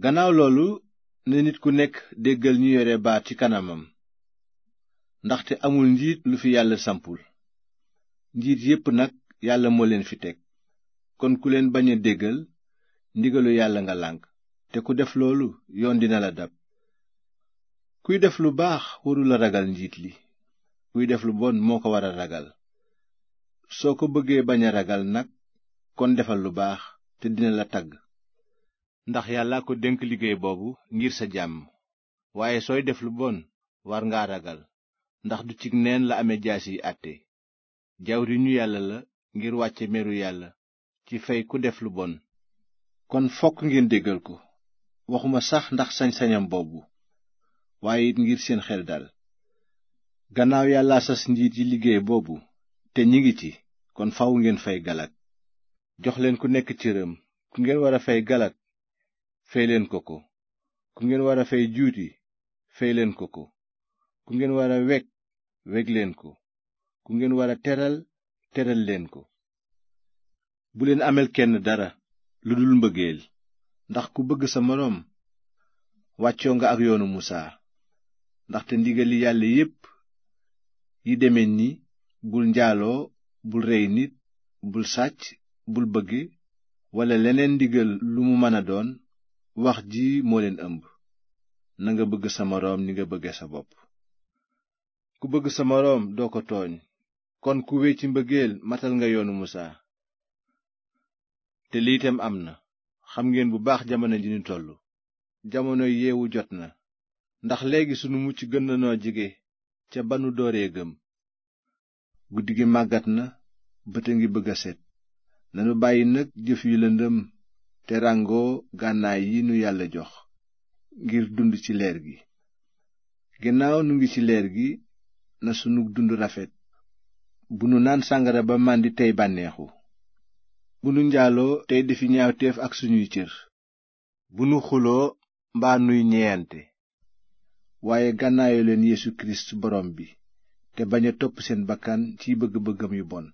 gannaaw loolu ne nit ku nekk déggal ñu yore baat ci kanamam ndaxte amul njiit lu fi yàlla sampul njiit yépp nag yàlla moo leen fi teg kon ku leen bañ a déggal ndigalu yàlla nga lànk te ku def loolu yoon dina la dab kuy def lu baax warula ragal njiit li kuy def lu bon moo ko war a ragal soo ko bëggee bañ a ragal nag kon defal lu baax te dina la tagg ndax yàllaa ko dénk liggéey boobu ngir sa jàmm waaye sooy def lu bon war nga ragal ndax du cig neen la ame jaas yi àtte jawriñu yàlla la ngir wàcce meru yàlla ci fey ku def lu bon kon fokk ngeen déggal ko waxuma sax ndax sañ-sañam boobu waaye it ngir seen xel dal gannaaw yàlla sa njiit yi liggéey boobu te ñi ngi ci kon faw ngeen fay galak jox leen ku nekk cëram ku ngeen wara fay galak fey leen ko ko ku ngeen wara fey juuti fey leen ko ko ku ngeen wara weg weg leen ko ku ngeen wara teral teral leen ko buleen ameel kenn dara ludul dul mbëggeel ndax ku bëgg sa moroom wàccoo nga ak yoonu musaa ndaxte ndigali yàlla yépp yi deme ni bul njaaloo bul rey nit bul sàcc bul bëgge walla leneen ndigal lu mu mën a doon wax ji moo leen ëmb nanga bëgg sa moroom ni nga bëgge sa bopp ku bëgg sa moroom doo ko tooñ kon ku wéy ci mbëggeel matal nga yoonu musaa te lii am na xam ngeen bu baax jamono ji ñu toll jamono yeewu jot na ndax léegi sunu mucc gën na noo jege ca banu dooree gëm guddi gi màggat na bët a ngi bëgg a set nanu bàyyi nag jëf yu lëndëm te rangoo gànnaay yi nu yàlla jox ngir dund ci leer gi gannaaw nu ngi ci leer gi na sunu dund rafet bu nu naan sàngara ba màndi tey bànneexu bu nu njaaloo tey defi ñaawteef ak suñuy cër bu nu xuloo mbaa nuy ñeyante waaye gànnaayu leen Yeesu Kirist borom bi te bañ a topp seen bakkan ci bëgg-bëggam yu bon